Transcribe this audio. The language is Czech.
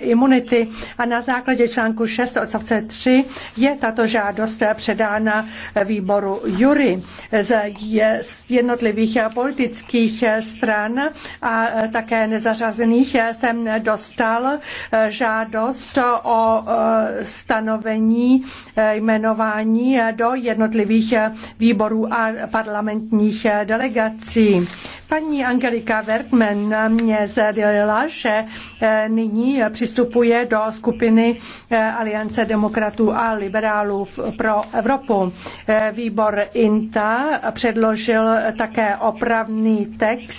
imunity a na základě článku 6 odstavce 3 je tato žádost předána výboru jury z jednotlivých politických stran a také nezařazených jsem dostal žádost o stanovení jmenování do jednotlivých výborů a parlamentních delegací. Paní Angelika Werkman mě sdělila, že eh, nyní přistupuje do skupiny eh, Aliance demokratů a liberálů pro Evropu. Eh, výbor INTA předložil také opravný text